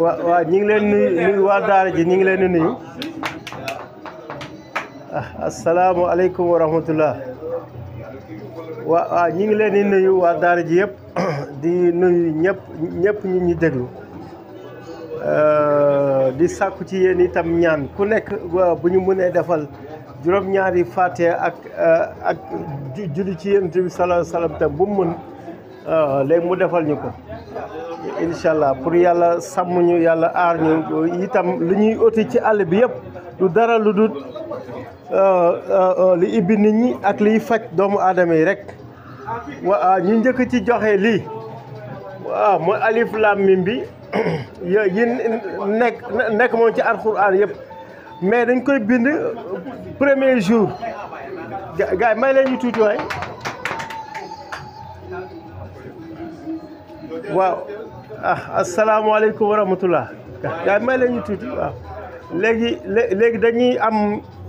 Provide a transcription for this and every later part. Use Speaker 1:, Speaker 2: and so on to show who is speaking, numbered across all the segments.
Speaker 1: waa waaw ñu ngi leen nuyu waa daara ji ñu ngi leen di nuyu ah, asalaamualeykum wa rahmatullah waa waaw ñu ngi leen di nuyu waa daara ji yëpp di nuyu ñëpp ñu ñi déglu euh, di sàkku ci yéen itam ñaan ku nekk bu ñu mënee defal juróom-ñaari fàtte ak euh, ak ci yonent bi salaam alayhi wa tam bu mu mën euh, léegi mu defal ñu ko inshallah allah pour yalla sàmm ñu yàlla aar ñu itam lu ñuy oti ci all bi yeb du dara lu euh, euh, euh li ibbi nit ñi ak li fajj doomu adamay rek wa ñu ñëk ci joxe li wa mo alif lam mim bi nek nek nek mo ci alcorane yeb mais dañ koy bind premier jour gaay may leen ñu wow. ah asalaamaaleykum wa rahmatullah gaa may leen tuuti waaw léegi léegi dañuy am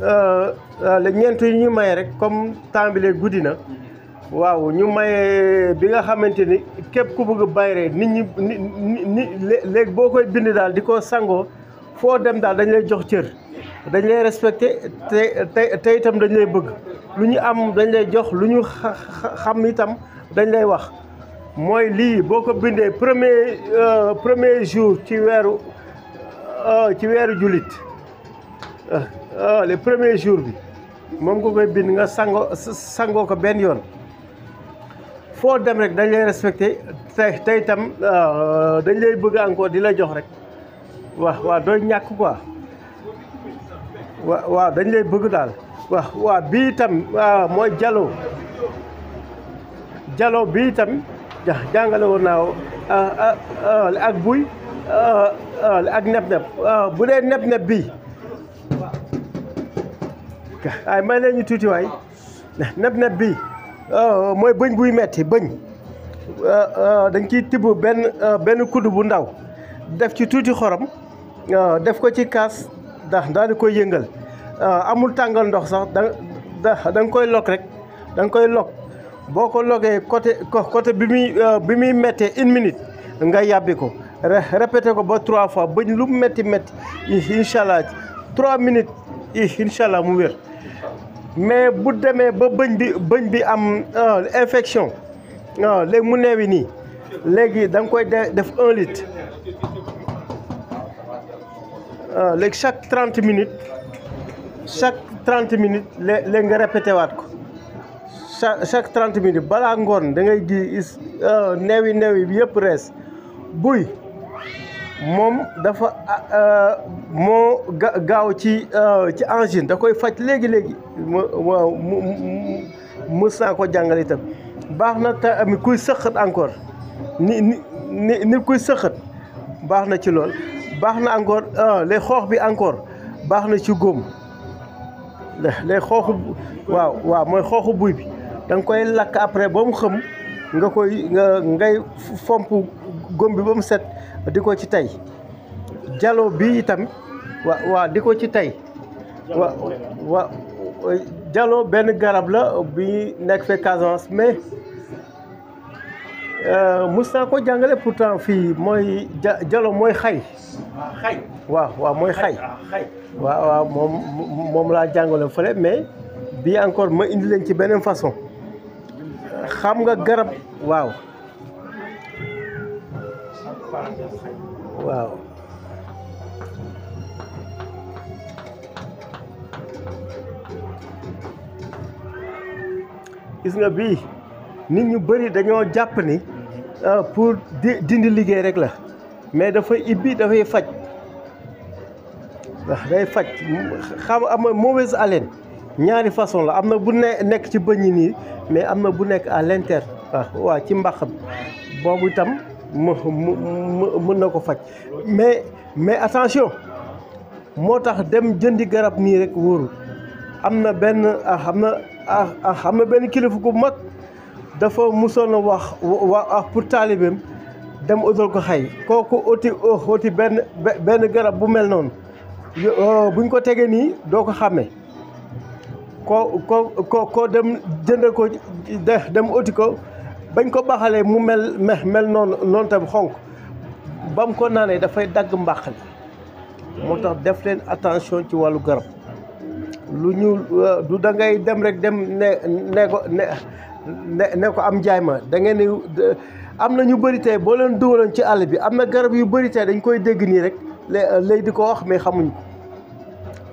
Speaker 1: euh, euh, ñeent yu ñu maye rek comme temps bi léegi guddi na waaw ñu maye bi nga xamante ni képp ku bëgg a bayre nit ñi ni léegi boo koy bind daal di ko sangoo foo dem daal dañ lay jox cër dañ lay respecté te te te itam dañu lay bëgg lu ñu am dañ lay jox lu ñu xam itam dañ lay wax mooy lii boo ko bindee premier euh, premier jour ci weeru euh, ci weeru jullit euh, le premier jour bi moom nga koy bind nga sango sangoo ko benn yoon foo dem rek dañ lay respecté te tey itam dañ lay bëgg encore di la jox rek waaw waaw dooy ñàkk quoi waaw waaw dañ lay bëgg daal waaw waaw bii itam mooy jalo jaloo bii itam jàngale woon naa ah, ah, ah, ak buy ak neb-neb bu dee neb-neb bi ay may leen ñu tuuti waay neb-neb bi mooy bëñ buy metti bëñ dañ ciy tibb benn benn kudd bu ndaw def ci tuuti xorom def ko ci kaas ndax daal di koy yëngal amul tàngal ndox sax da da nga koy lokk rek da nga koy lokk boo ko logee côté côté bi muy euh, bi muy méttee une minute nga yàbbi ko répété ko ba trois fois ba lu métti métti incha allah trois minutes incha allah mu wér mais bu demee ba bëñ bi bëñ bi am euh, infection euh, léegi mu neewi nii léegi da nga koy def un litre léegi chaque trente minutes chaque trente minutes léegi nga répété waat ko. chaque chaque trente minutes balaa ngoon da ngay gis euh, neewi neewi bi yëpp rees buy moom dafa euh, moo gaaw ci euh, ci angine da koy faj léegi léegi waaw mu mës naa ko jàngale itam baax na tamit kuy sëqat encore ni ni kuy sëqat baax na ci lool baax na encore les xoox bi encore baax na ci góom les xooxu waaw mooy xooxu buy bi dang koy lak après ba xam nga koy nga ngay fomp gom bi ba set diko ci tay jalo bi itam wa wa diko ci tay wa wa jalo ben garab la bi nek fe casance mais euh naa ko jangale pourtant fi moy jalo moy ah, xay xay wa ah, wa moy xay wa wa mom mom la jangale fele mais bi encore ma indi len ci benen façon xam nga garab waaw waaw gis nga bii nit ñu bëri dañoo jàpp ni mhm. euh, pour dindi liggéey rek la mais dafa ibbi dafay faj ndax day faj xam ama mauvaise haleine ñaari façon la am na bu nekk ci bëñ yi nii mais am na bu nekk à l'interne ah, waa ci mbàq boobu itam mu mën na ko faj mais mais attention moo tax dem jëndi garab nii rek wóorul am na benn ah, am na ah, am na benn kilifa gu mag dafa musoon a wax wax pour taalibeem dem utal ko xay kooku oti oti benn benn garab bu mel noonu oh, buñ ko tegee nii doo ko xàmmee koo ko ko koo dem jënd ko dem uti ko bañ ko baxalee mu mel mel noonu noonu tam xonk bam mu ko naanee dafay dagg mbàq li moo tax def leen attention ci wàllu garab lu ñu euh, du da ngay dem rek dem ne ne ko ne ne ko am njaay ma da ngeen ni am na ñu bëri tey boo leen dugaloon ci àll bi am na garab yu bëri tey dañ koy dégg nii rek lay di ko wax mais xamuñ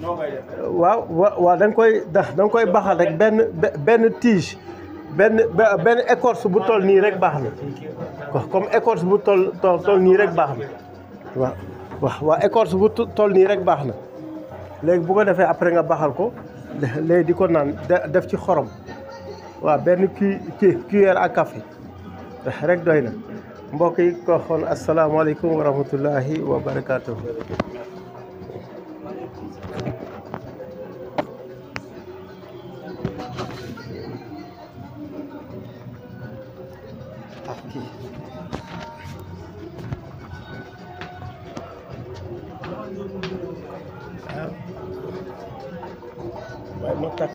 Speaker 1: waaw wa da nga koy da nga koy baxal rek benn benn tige benn benn écorce bu toll nii rek baax na comme écorce bu tol toll nii rek baax na waaw waaw waaw écorce bu toll nii rek baax na léegi bu ko defee après nga baxal ko léegi di ko naan def ci xorom waa benn cu cuillère à café rek doy na mbokk yi ko xoon asalaamaaleykum wa rahmatullahi wa barakaatu. kaki baik